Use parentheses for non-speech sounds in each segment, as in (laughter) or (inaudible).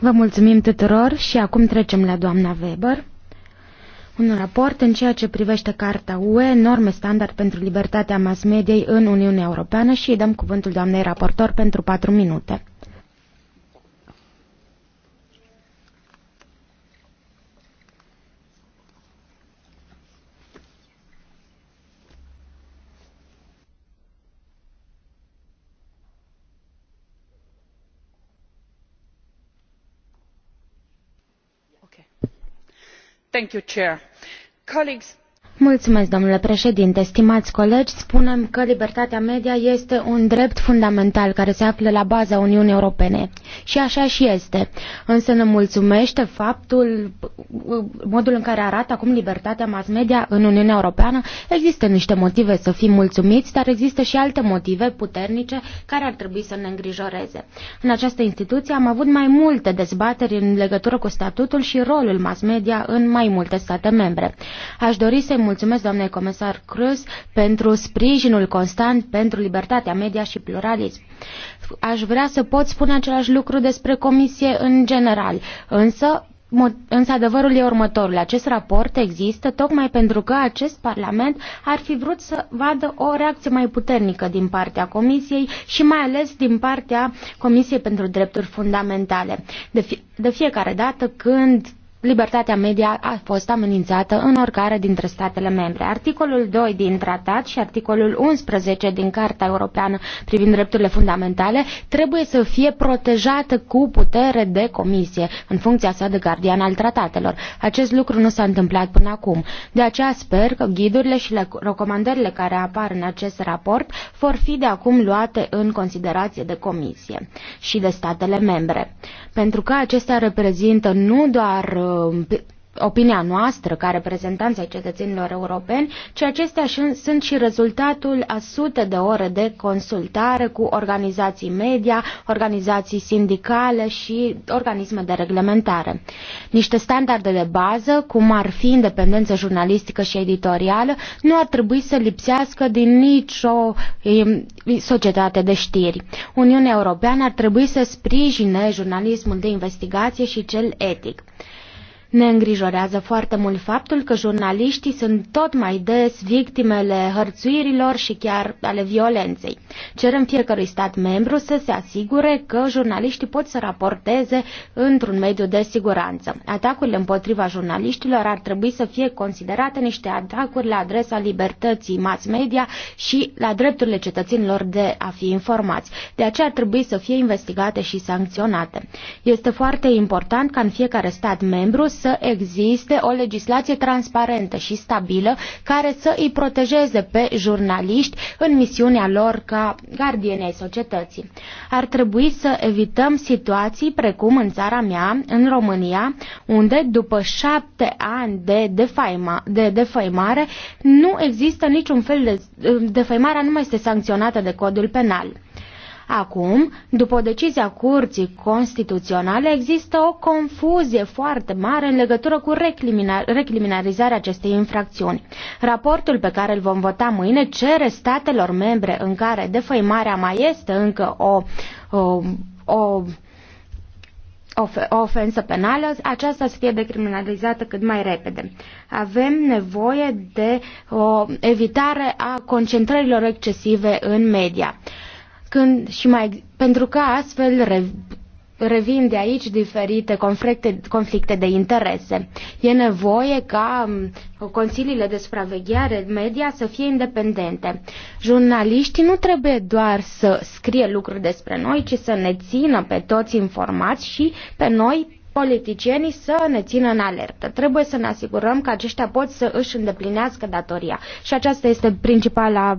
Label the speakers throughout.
Speaker 1: Vă mulțumim tuturor și acum trecem la doamna Weber. Un raport în ceea ce privește Carta UE, norme standard pentru libertatea mass mediei în Uniunea Europeană și îi dăm cuvântul doamnei raportor pentru 4 minute. colleagues Mulțumesc, domnule președinte. Stimați colegi, spunem că libertatea media este un drept fundamental care se află la baza Uniunii Europene. Și așa și este. Însă ne mulțumește faptul, modul în care arată acum libertatea mass media în Uniunea Europeană. Există niște motive să fim mulțumiți, dar există și alte motive puternice care ar trebui să ne îngrijoreze. În această instituție am avut mai multe dezbateri în legătură cu statutul și rolul mass media în mai multe state membre. Aș dori să-i mulțumesc doamnei comisar Cruz pentru sprijinul constant pentru libertatea media și pluralism. Aș vrea să pot spune același lucru despre comisie în general, însă Însă adevărul e următorul. Acest raport există tocmai pentru că acest Parlament ar fi vrut să vadă o reacție mai puternică din partea Comisiei și mai ales din partea Comisiei pentru Drepturi Fundamentale. De, fi- de fiecare dată când libertatea media a fost amenințată în oricare dintre statele membre. Articolul 2 din tratat și articolul 11 din Carta Europeană privind drepturile fundamentale trebuie să fie protejată cu putere de comisie în funcția sa de gardian al tratatelor. Acest lucru nu s-a întâmplat până acum. De aceea sper că ghidurile și recomandările care apar în acest raport vor fi de acum luate în considerație de comisie și de statele membre. Pentru că acestea reprezintă nu doar Um, opinia noastră ca reprezentanți ai cetățenilor europeni, ci acestea sunt și rezultatul a sute de ore de consultare cu organizații media, organizații sindicale și organisme de reglementare. Niște standarde de bază, cum ar fi independență jurnalistică și editorială, nu ar trebui să lipsească din nicio um, societate de știri. Uniunea Europeană ar trebui să sprijine jurnalismul de investigație și cel etic. Ne îngrijorează foarte mult faptul că jurnaliștii sunt tot mai des victimele hărțuirilor și chiar ale violenței. Cerem fiecărui stat membru să se asigure că jurnaliștii pot să raporteze într-un mediu de siguranță. Atacurile împotriva jurnaliștilor ar trebui să fie considerate niște atacuri la adresa libertății mass media și la drepturile cetățenilor de a fi informați. De aceea ar trebui să fie investigate și sancționate. Este foarte important ca în fiecare stat membru să existe o legislație transparentă și stabilă care să îi protejeze pe jurnaliști în misiunea lor ca gardieni ai societății. Ar trebui să evităm situații precum în țara mea, în România, unde după șapte ani de, defaima, de defăimare nu există niciun fel de... defăimare, nu mai este sancționată de codul penal. Acum, după decizia Curții Constituționale, există o confuzie foarte mare în legătură cu recriminalizarea acestei infracțiuni. Raportul pe care îl vom vota mâine cere statelor membre în care defăimarea mai este încă o, o, o o ofensă penală, aceasta să fie decriminalizată cât mai repede. Avem nevoie de o evitare a concentrărilor excesive în media când și mai, pentru că astfel re, revin de aici diferite conflicte, conflicte de interese. E nevoie ca consiliile de supraveghere media să fie independente. Jurnaliștii nu trebuie doar să scrie lucruri despre noi, ci să ne țină pe toți informați și pe noi politicienii să ne țină în alertă. Trebuie să ne asigurăm că aceștia pot să își îndeplinească datoria. Și aceasta este principala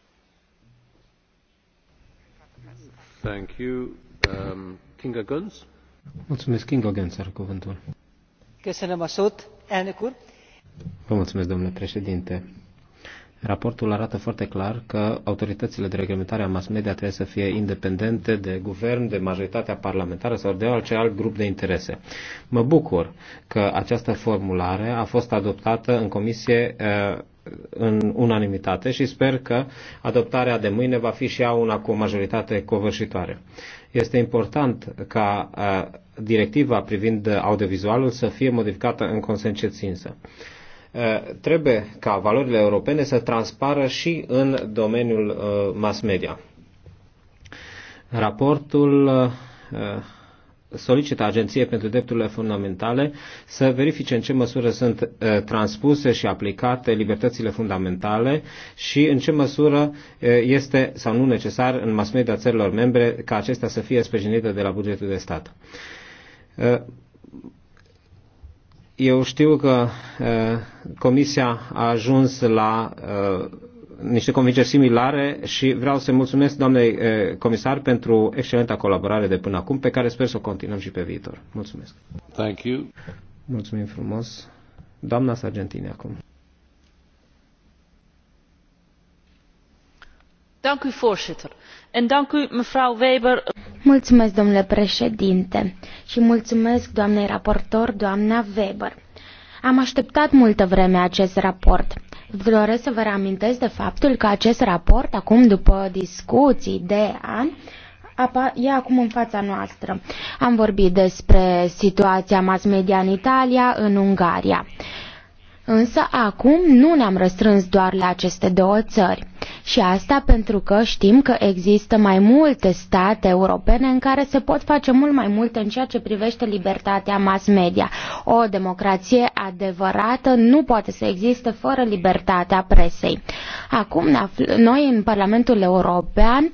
Speaker 2: Um, mulțumesc, Kinga a mulțumesc, domnule președinte. Raportul arată foarte clar că autoritățile de reglementare a mass media trebuie să fie independente de guvern, de majoritatea parlamentară sau de orice alt grup de interese. Mă bucur că această formulare a fost adoptată în comisie uh, în unanimitate și sper că adoptarea de mâine va fi și ea una cu o majoritate covârșitoare. Este important ca directiva privind audiovizualul să fie modificată în consecință. Trebuie ca valorile europene să transpară și în domeniul mass media. Raportul solicită Agenției pentru Drepturile Fundamentale să verifice în ce măsură sunt uh, transpuse și aplicate libertățile fundamentale și în ce măsură uh, este sau nu necesar în mass media țărilor membre ca acestea să fie sprijinite de la bugetul de stat. Uh, eu știu că Comisia a ajuns la niște convingeri similare și vreau să mulțumesc doamnei eh, comisar pentru excelenta colaborare de până acum, pe care sper să o continuăm și pe viitor. Mulțumesc. Thank you. Mulțumim frumos. Doamna Sargentini acum.
Speaker 3: Dank u, voorzitter. En dank u, mevrouw Weber.
Speaker 1: Mulțumesc, domnule președinte, și mulțumesc, doamnei raportor, doamna Weber. Am așteptat multă vreme acest raport. Doresc să vă reamintesc de faptul că acest raport, acum după discuții de ani, e acum în fața noastră. Am vorbit despre situația mass media în Italia, în Ungaria. Însă acum nu ne-am răstrâns doar la aceste două țări. Și asta pentru că știm că există mai multe state europene în care se pot face mult mai multe în ceea ce privește libertatea mass media. O democrație adevărată nu poate să existe fără libertatea presei. Acum noi în Parlamentul European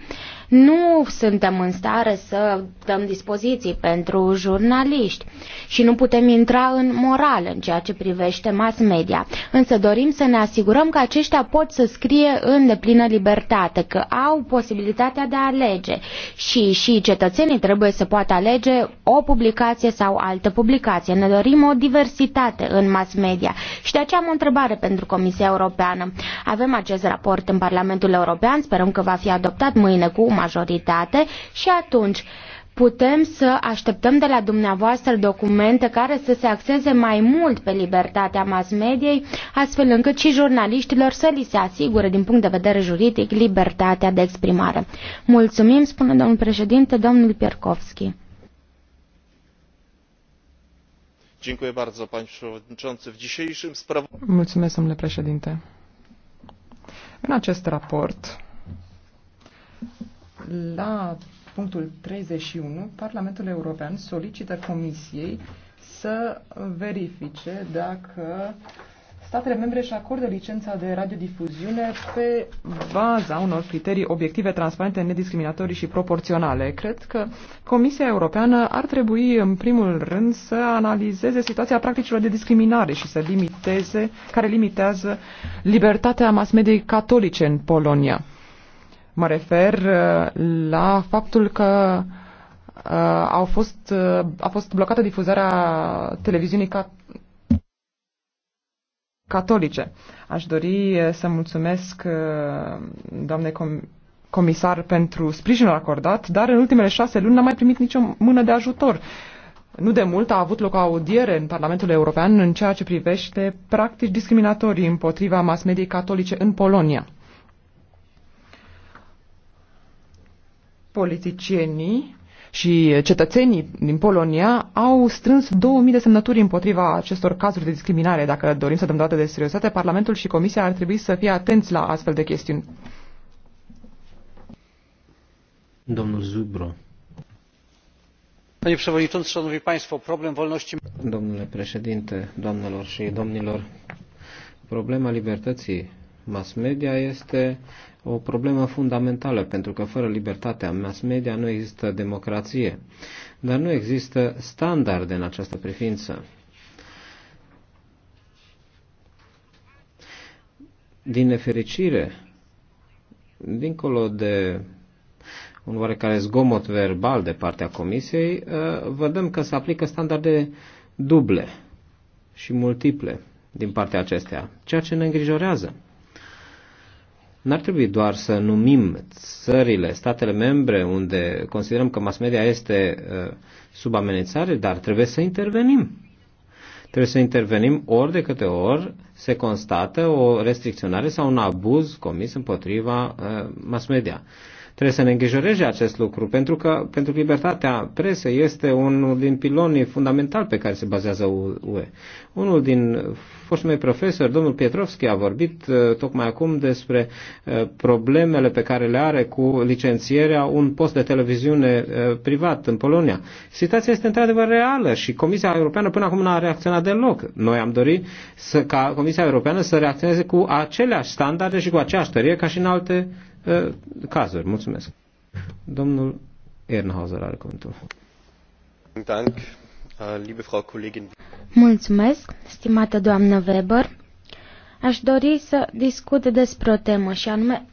Speaker 1: nu suntem în stare să dăm dispoziții pentru jurnaliști și nu putem intra în moral în ceea ce privește mass media. Însă dorim să ne asigurăm că aceștia pot să scrie în deplină libertate, că au posibilitatea de a alege și, și cetățenii trebuie să poată alege o publicație sau altă publicație. Ne dorim o diversitate în mass media și de aceea am o întrebare pentru Comisia Europeană. Avem acest raport în Parlamentul European, sperăm că va fi adoptat mâine cu majoritate și atunci putem să așteptăm de la dumneavoastră documente care să se axeze mai mult pe libertatea mass mediei, astfel încât și jurnaliștilor să li se asigure din punct de vedere juridic libertatea de exprimare. Mulțumim, spune domnul președinte, domnul Pierkovski.
Speaker 4: Mulțumesc, domnule președinte. În acest raport, la punctul 31, Parlamentul European solicită Comisiei să verifice dacă statele membre își acordă licența de radiodifuziune pe baza unor criterii obiective, transparente, nediscriminatorii și proporționale. Cred că Comisia Europeană ar trebui, în primul rând, să analizeze situația practicilor de discriminare și să limiteze, care limitează libertatea mass-mediei catolice în Polonia. Mă refer uh, la faptul că uh, au fost, uh, a fost blocată difuzarea televiziunii ca catolice. Aș dori să mulțumesc doamnei comisar pentru sprijinul acordat, dar în ultimele șase luni n-am mai primit nicio mână de ajutor. Nu de mult a avut loc o audiere în Parlamentul European în ceea ce privește practici discriminatorii împotriva mass mediei catolice în Polonia. politicienii și cetățenii din Polonia au strâns 2000 de semnături împotriva acestor cazuri de discriminare. Dacă dorim să dăm date de seriozitate, Parlamentul și Comisia ar trebui să fie atenți la astfel de chestiuni.
Speaker 2: Domnul Zubro. Panie przewodniczący, szanowni państwo, problem wolności. Domnule președinte, doamnelor și domnilor, problema libertății mass media este o problemă fundamentală, pentru că fără libertatea mass media nu există democrație. Dar nu există standarde în această privință. Din nefericire, dincolo de un oarecare zgomot verbal de partea Comisiei, uh, vedem că se aplică standarde duble și multiple din partea acestea, ceea ce ne îngrijorează. N-ar trebui doar să numim țările, statele membre unde considerăm că mass media este uh, sub amenințare, dar trebuie să intervenim. Trebuie să intervenim ori de câte ori se constată o restricționare sau un abuz comis împotriva uh, mass media. Trebuie să ne îngrijoreze acest lucru, pentru că pentru libertatea presei este unul din pilonii fundamentali pe care se bazează UE. Unul din foștii mei profesori, domnul Pietrovski, a vorbit uh, tocmai acum despre uh, problemele pe care le are cu licențierea un post de televiziune uh, privat în Polonia. Situația este într-adevăr reală și Comisia Europeană până acum n-a reacționat deloc. Noi am dorit să, ca Comisia Europeană să reacționeze cu aceleași standarde și cu aceeași tărie ca și în alte Ă, cazuri. Mulțumesc. Domnul Ernhauser, are cuvântul.
Speaker 5: Ă,
Speaker 1: mulțumesc, stimată doamnă Weber. Aș dori să discut despre o temă și anume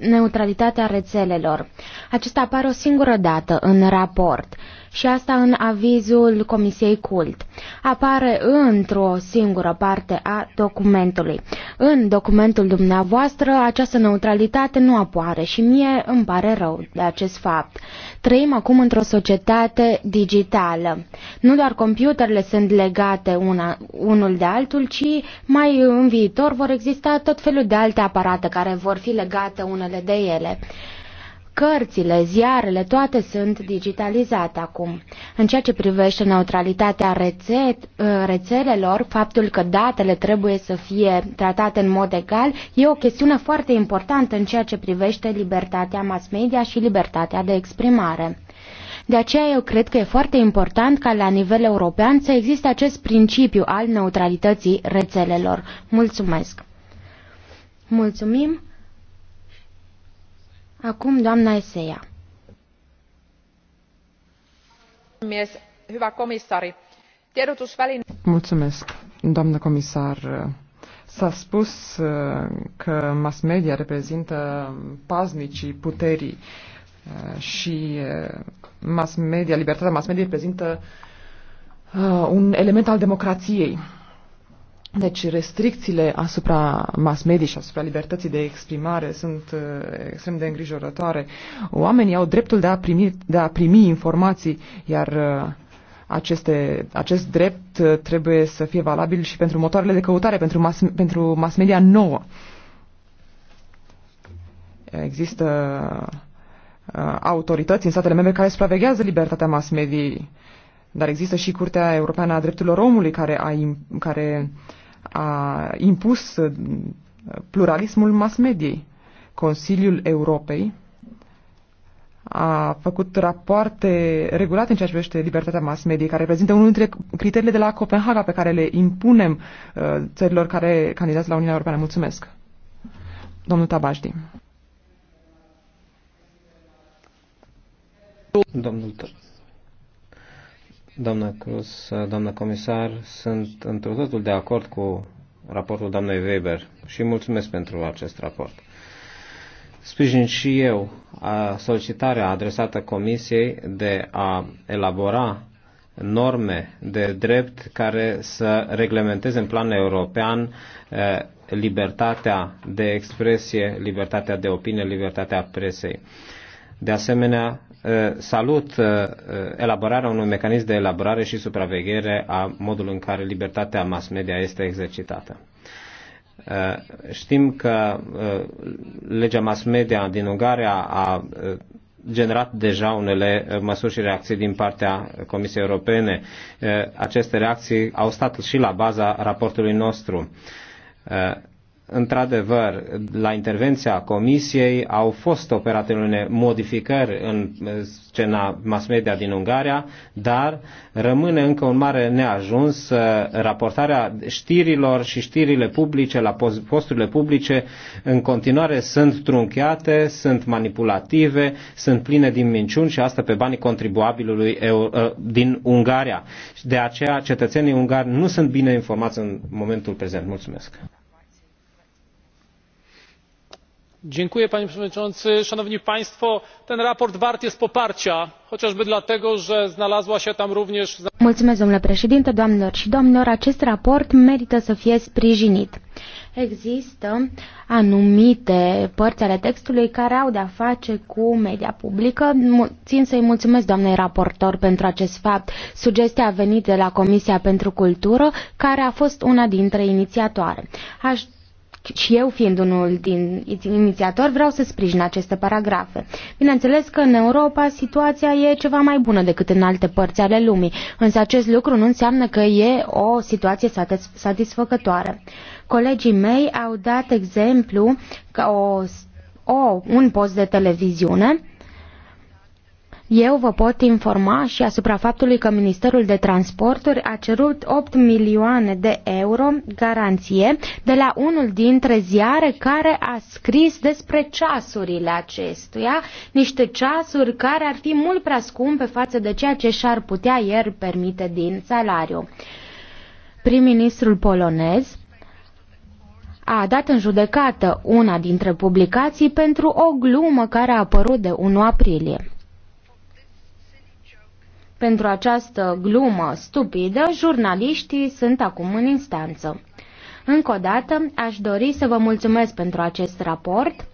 Speaker 1: neutralitatea rețelelor. Acesta apare o singură dată în raport și asta în avizul Comisiei Cult. Apare într-o singură parte a documentului. În documentul dumneavoastră această neutralitate nu apare și mie îmi pare rău de acest fapt. Trăim acum într-o societate digitală. Nu doar computerele sunt legate una, unul de altul, ci mai în viitor vor exista tot felul de alte aparate care vor fi legate unele de ele. Cărțile, ziarele, toate sunt digitalizate acum. În ceea ce privește neutralitatea rețet, uh, rețelelor, faptul că datele trebuie să fie tratate în mod egal e o chestiune foarte importantă în ceea ce privește libertatea mass media și libertatea de exprimare. De aceea eu cred că e foarte important ca la nivel european să existe acest principiu al neutralității rețelelor. Mulțumesc! Mulțumim! Acum doamna Eseia.
Speaker 4: Mulțumesc, doamnă comisar. S-a spus uh, că mass media reprezintă paznicii puterii uh, și uh, mass media, libertatea mass media reprezintă un element al democrației. Deci restricțiile asupra mass media și asupra libertății de exprimare sunt uh, extrem de îngrijorătoare. Oamenii au dreptul de a primi, de a primi informații, iar uh, aceste, acest drept uh, trebuie să fie valabil și pentru motoarele de căutare, pentru mass, pentru mass media nouă. Există uh, autorități în statele membre care supraveghează libertatea mass mediei. Uh, dar există și Curtea Europeană a Drepturilor Omului care a, care a impus uh, pluralismul mass mediei. Consiliul Europei a făcut rapoarte regulate în ceea ce privește libertatea mass media, care reprezintă unul dintre criteriile de la Copenhaga pe care le impunem uh, țărilor care candidează la Uniunea Europeană. Mulțumesc. Domnul Tabajdi.
Speaker 2: Domnul Tabajdi. Doamna Cruz, doamna comisar, sunt într totul de acord cu raportul doamnei Weber și mulțumesc pentru acest raport. Sprijin și eu a solicitarea adresată Comisiei de a elabora norme de drept care să reglementeze în plan european libertatea de expresie, libertatea de opinie, libertatea presei. De asemenea, Eh, salut eh, eh, elaborarea unui mecanism de elaborare și supraveghere a modului în care libertatea mass media este exercitată. Știm că legea mass media din Ungaria a generat deja unele măsuri și reacții din partea Comisiei Europene. Aceste reacții au stat și la baza raportului nostru Într-adevăr, la intervenția Comisiei au fost operate unele modificări în scena mass media din Ungaria, dar rămâne încă un mare neajuns uh, raportarea știrilor și știrile publice la posturile publice în continuare sunt trunchiate, sunt manipulative, sunt pline din minciuni și asta pe banii contribuabilului uh, din Ungaria. De aceea cetățenii ungari nu sunt bine informați în momentul prezent. Mulțumesc!
Speaker 5: panie przewodniczący! to sprawozdanie warte jest poparcia chociażby
Speaker 2: dlatego że znalazła się tam również.
Speaker 1: domnule președinte doamnelor și domnilor acest raport merită să fie sprijinit. există anumite părți ale textului care au de a face cu media publică. țin să i mulțumesc doamnei raportor pentru acest fapt. sugestia a venit de la comisia pentru cultură care a fost una dintre inițiatoare. aș deci, și eu fiind unul din inițiatori vreau să sprijin aceste paragrafe. Bineînțeles că în Europa situația e ceva mai bună decât în alte părți ale lumii, însă acest lucru nu înseamnă că e o situație satisfăcătoare. Colegii mei au dat exemplu că o, o, un post de televiziune eu vă pot informa și asupra faptului că Ministerul de Transporturi a cerut 8 milioane de euro garanție de la unul dintre ziare care a scris despre ceasurile acestuia, niște ceasuri care ar fi mult prea scumpe față de ceea ce și-ar putea ieri permite din salariu. Prim-ministrul polonez a dat în judecată una dintre publicații pentru o glumă care a apărut de 1 aprilie. Pentru această glumă stupidă, jurnaliștii sunt acum în instanță. Încă o dată, aș dori să vă mulțumesc pentru acest raport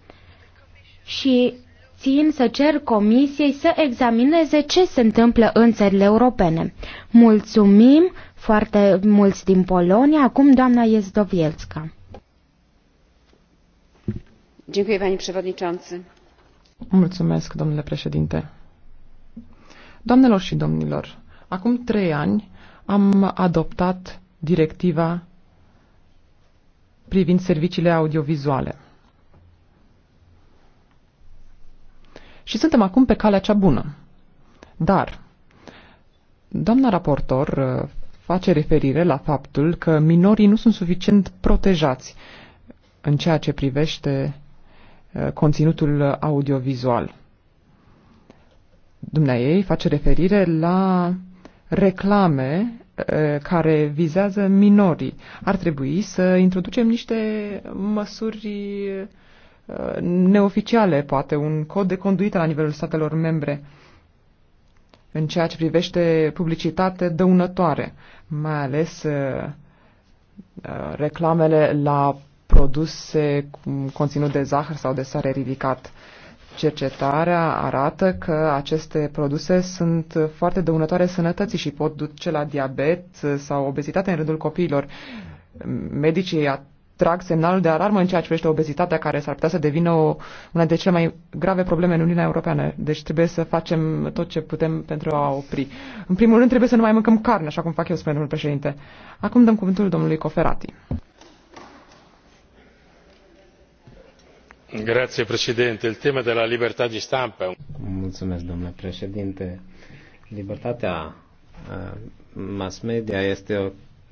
Speaker 1: și țin să cer comisiei să examineze ce se întâmplă în țările europene. Mulțumim foarte mulți din Polonia. Acum doamna Iezdovielska. Mulțumesc, domnule președinte.
Speaker 4: Doamnelor și domnilor, acum trei ani am adoptat directiva privind serviciile audiovizuale. Și suntem acum pe calea cea bună. Dar, doamna raportor uh, face referire la faptul că minorii nu sunt suficient protejați în ceea ce privește uh, conținutul audiovizual dumneaei face referire la reclame care vizează minorii. Ar trebui să introducem niște măsuri neoficiale, poate un cod de conduită la nivelul statelor membre în ceea ce privește publicitate dăunătoare, mai ales reclamele la produse cu conținut de zahăr sau de sare ridicat. Cercetarea arată că aceste produse sunt foarte dăunătoare sănătății și pot duce la diabet sau obezitate în rândul copiilor. Medicii trag semnalul de alarmă în ceea ce privește obezitatea, care s-ar putea să devină o, una de cele mai grave probleme în Uniunea Europeană. Deci trebuie să facem tot ce putem pentru a opri. În primul rând trebuie să nu mai mâncăm carne, așa cum fac eu, spune domnul președinte. Acum dăm cuvântul domnului Coferati.
Speaker 2: domnule
Speaker 5: președinte. Il tema della libertà
Speaker 2: Mulțumesc, domnule președinte. Libertatea mass media este o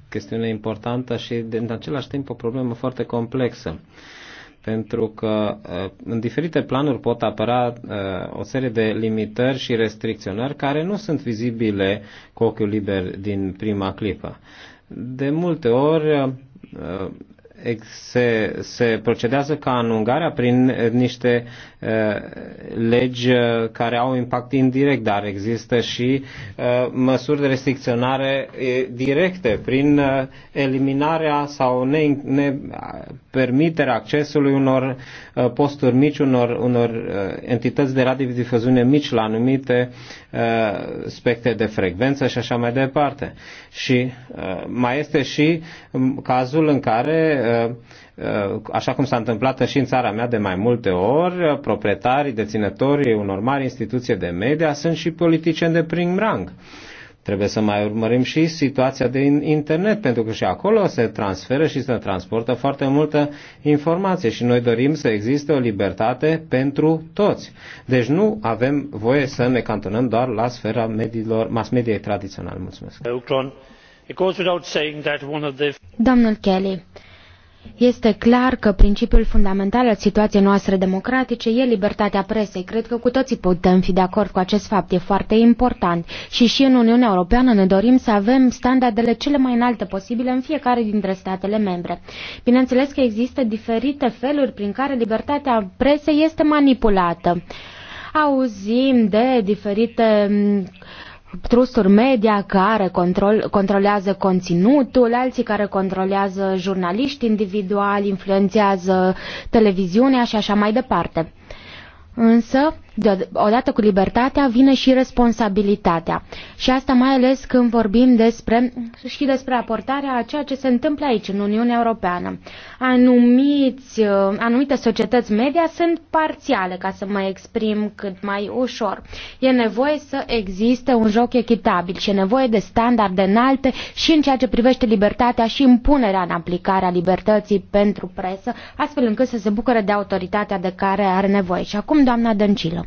Speaker 2: chestiune importantă și, în același timp, o problemă foarte complexă pentru că în diferite planuri pot apăra o serie de limitări și restricționări care nu sunt vizibile cu ochiul liber din prima clipă. De multe ori se, se procedează ca în Ungaria prin eh, niște eh, legi eh, care au impact indirect, dar există și măsuri de restricționare directe prin eliminarea sau ne, ne permiterea accesului unor posturi mici, unor, unor entități de radiodifuziune mici la anumite spectre de frecvență și așa mai departe. Și mai este și mm, cazul în care Uh, așa cum s-a întâmplat și în țara mea de mai multe ori, proprietarii, deținătorii unor mari instituții de media sunt și politicieni de prim rang. Trebuie să mai urmărim și situația de internet, pentru că și acolo se transferă și se transportă foarte multă informație și noi dorim să existe o libertate pentru toți. Deci nu avem voie să ne cantonăm doar la sfera mediilor, mass mediei tradiționale. Mulțumesc.
Speaker 1: Domnul Kelly, este clar că principiul fundamental al situației noastre democratice e libertatea presei. Cred că cu toții putem fi de acord cu acest fapt. E foarte important. Și și în Uniunea Europeană ne dorim să avem standardele cele mai înalte posibile în fiecare dintre statele membre. Bineînțeles că există diferite feluri prin care libertatea presei este manipulată. Auzim de diferite mm, trusturi media care control, controlează conținutul, alții care controlează jurnaliști individuali, influențează televiziunea și așa mai departe. Însă, odată cu libertatea vine și responsabilitatea. Și asta mai ales când vorbim despre și despre aportarea a ceea ce se întâmplă aici, în Uniunea Europeană. Anumiți, uh, anumite societăți media sunt parțiale, ca să mă exprim cât mai ușor. E nevoie să existe un joc echitabil și e nevoie de standarde înalte și în ceea ce privește libertatea și impunerea în aplicarea libertății pentru presă, astfel încât să se bucure de autoritatea de care are nevoie. Și acum, doamna Dăncilă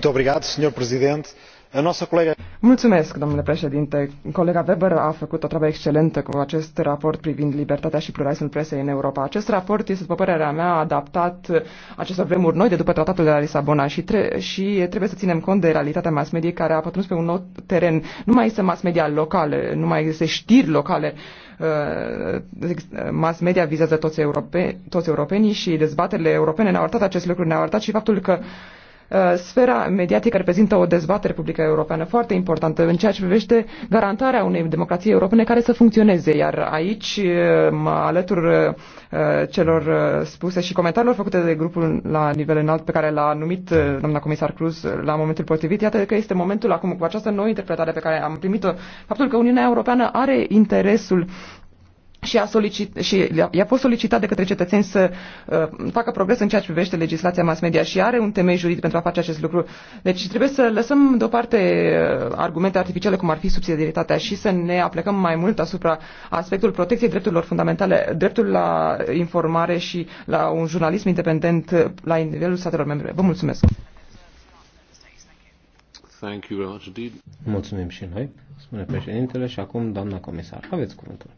Speaker 2: domnule
Speaker 4: președinte. Colega Weber a făcut o treabă excelentă cu acest raport privind libertatea și pluralismul presei în Europa. Acest raport este, după părerea mea, adaptat acestor vremuri noi de după tratatul de la Lisabona și, tre- și trebuie să ținem cont de realitatea mass media care a pătruns pe un nou teren. Nu mai este mass media locale, nu mai există știri locale uh, mass media vizează toți, europe, toți europenii și dezbaterile europene ne-au arătat acest lucru, ne-au arătat și faptul că uh, Uh, sfera mediatică reprezintă o dezbatere publică europeană foarte importantă în ceea ce privește garantarea unei democrații europene care să funcționeze. Iar aici uh, mă alătur uh, celor spuse și comentariilor făcute de grupul la nivel înalt pe care l-a numit doamna comisar Cruz la momentul potrivit. Iată că este momentul acum cu această nouă interpretare pe care am primit-o, faptul că Uniunea Europeană are interesul și, a solicit, și i-a fost solicitat de către cetățeni să uh, facă progres în ceea ce privește legislația mass media și are un temei juridic pentru a face acest lucru. Deci trebuie să lăsăm deoparte uh, argumente artificiale cum ar fi subsidiaritatea și să ne aplicăm mai mult asupra aspectul protecției drepturilor fundamentale, dreptul la informare și la un jurnalism independent uh, la nivelul statelor membre. Vă mulțumesc!
Speaker 2: Thank you very much indeed. Mulțumim și noi, spune președintele, și acum doamna comisar. Aveți cuvântul.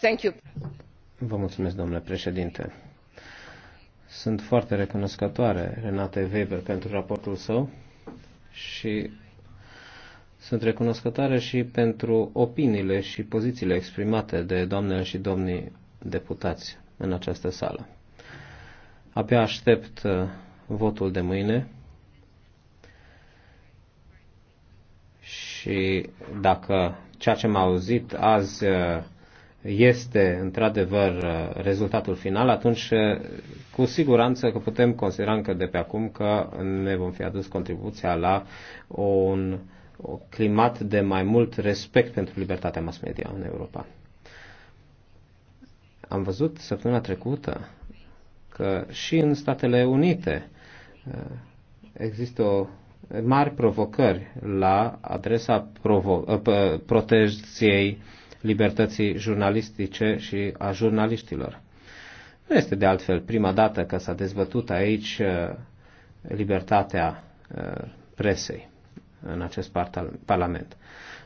Speaker 2: Thank you. Vă mulțumesc, domnule președinte. Sunt foarte recunoscătoare Renate Weber pentru raportul său și sunt recunoscătoare și pentru opiniile și pozițiile exprimate de doamnele și domnii deputați în această sală. Abia aștept uh, votul de mâine și dacă ceea ce am auzit azi uh, este într-adevăr uh, rezultatul final, atunci uh, cu siguranță că putem considera încă de pe acum că ne vom fi adus contribuția la un climat de mai mult respect pentru libertatea mass media în Europa. Am văzut săptămâna trecută că și în Statele Unite uh, există o mari provocări la adresa provo- protecției libertății jurnalistice și a jurnaliștilor. Nu este de altfel prima dată că s-a dezbătut aici uh, libertatea uh, presei în acest parlament.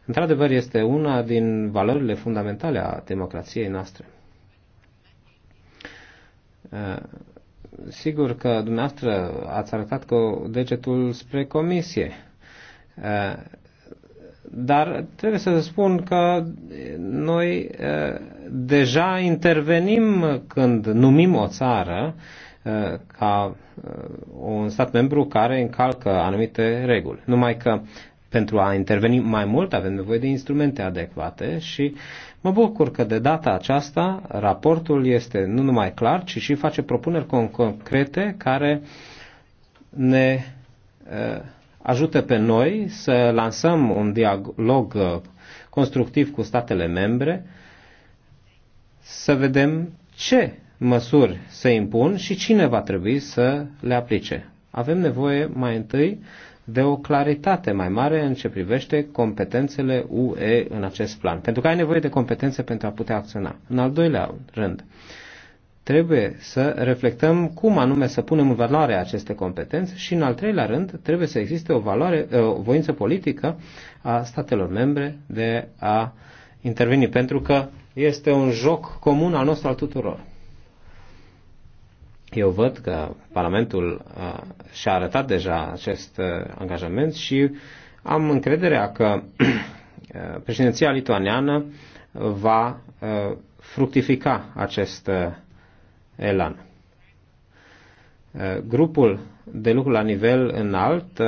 Speaker 2: Într-adevăr, este una din valorile fundamentale a democrației noastre. Uh, sigur că dumneavoastră ați arătat cu degetul spre comisie, dar trebuie să spun că noi eh, deja intervenim când numim o țară eh, ca eh, un stat membru care încalcă anumite reguli. Numai că pentru a interveni mai mult avem nevoie de instrumente adecvate și mă bucur că de data aceasta raportul este nu numai clar, ci și face propuneri concrete care ne ajută pe noi să lansăm un dialog constructiv cu statele membre, să vedem ce măsuri se impun și cine va trebui să le aplice. Avem nevoie mai întâi de o claritate mai mare în ce privește competențele UE în acest plan, pentru că ai nevoie de competențe pentru a putea acționa. În al doilea rând, uh, Trebuie să reflectăm cum anume să punem în valoare aceste competențe și, în al treilea rând, trebuie să existe o, valoare, o voință politică a statelor membre de a interveni, pentru că este un joc comun al nostru al tuturor. Eu văd că Parlamentul și-a arătat deja acest angajament și am încrederea că (clears throat) președinția lituaniană va fructifica acest Elan. Uh, grupul de lucru la nivel înalt, uh,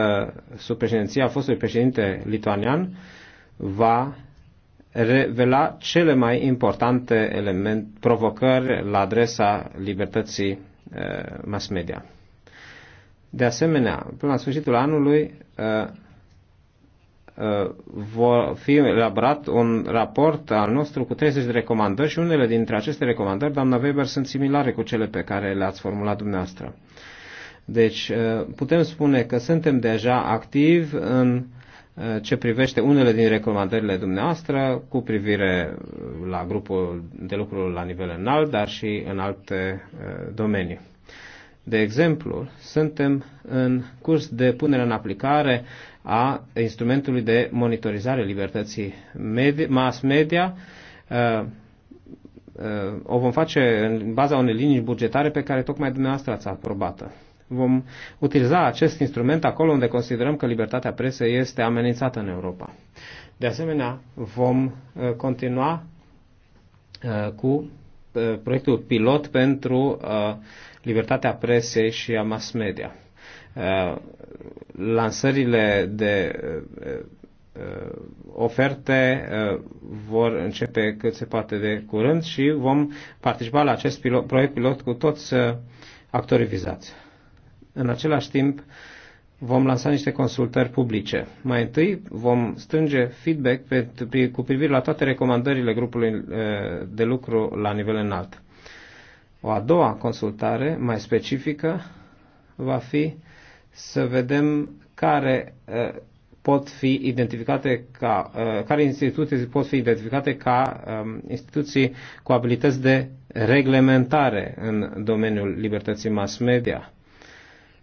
Speaker 2: sub președinția fostului președinte lituanian, va revela cele mai importante element, provocări la adresa libertății uh, mass media. De asemenea, până la sfârșitul anului, Uh, va fi elaborat un raport al nostru cu 30 de recomandări și unele dintre aceste recomandări, doamna Weber, sunt similare cu cele pe care le-ați formulat dumneavoastră. Deci uh, putem spune că suntem deja activi în uh, ce privește unele din recomandările dumneavoastră cu privire la grupul de lucru la nivel înalt, dar și în alte domenii. De exemplu, suntem în curs de punere în aplicare a instrumentului de monitorizare libertății media, mass media. Uh, uh, o vom face în baza unei linii bugetare pe care tocmai dumneavoastră ați aprobată. Vom utiliza acest instrument acolo unde considerăm că libertatea presei este amenințată în Europa. De asemenea, vom uh, continua cu proiectul pilot pentru libertatea presei și a mass media lansările de eh, eh, oferte eh, vor începe cât se poate de curând și vom participa la acest pilot, proiect pilot cu toți actorii vizați. În același timp, vom lansa niște consultări publice. Mai întâi vom strânge feedback pe, cu privire la toate recomandările grupului de lucru la nivel înalt. O a doua consultare, mai specifică, va fi să vedem care uh, pot fi identificate ca, uh, care instituții pot fi identificate ca um, instituții cu abilități de reglementare în domeniul libertății mass media.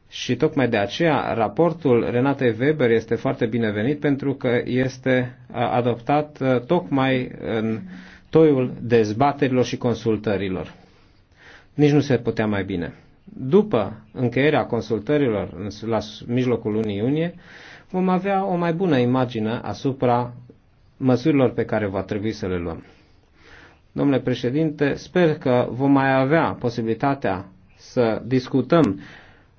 Speaker 2: Și tocmai de aceea raportul Renate Weber este foarte binevenit pentru că este uh, adoptat tocmai în toiul dezbaterilor și consultărilor. Nici nu se putea mai bine. După încheierea consultărilor la mijlocul lunii iunie, vom avea o mai bună imagine asupra măsurilor pe care va trebui să le luăm. Domnule președinte, sper că vom mai avea posibilitatea să discutăm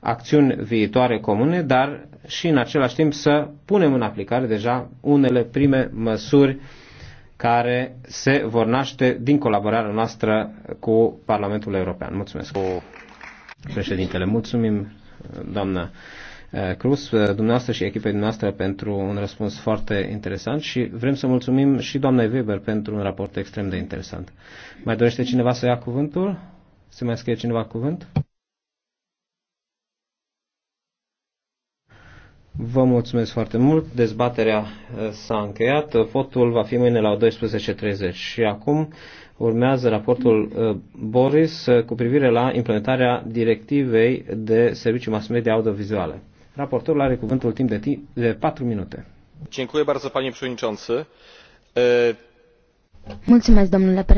Speaker 2: acțiuni viitoare comune, dar și în același timp să punem în aplicare deja unele prime măsuri care se vor naște din colaborarea noastră cu Parlamentul European. Mulțumesc! Președintele, mulțumim, doamna eh, Cruz, eh, dumneavoastră și echipei dumneavoastră pentru un răspuns foarte interesant și vrem să mulțumim și doamnei Weber pentru un raport extrem de interesant. Mai dorește cineva să ia cuvântul? Se mai scrie cineva cuvânt? Vă mulțumesc foarte mult. Dezbaterea uh, s-a încheiat. Uh, votul va fi mâine la 12.30. Și acum urmează raportul uh, Boris cu privire la implementarea directivei de servicii mass media audiovizuale. Raportorul are cuvântul timp de, timp de 4 minute.
Speaker 5: Dziękuję bardzo, panie przewodniczący.
Speaker 1: Mulțumesc, domnule președinte.